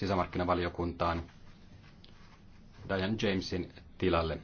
sisämarkkinavaliokuntaan Diane Jamesin tilalle.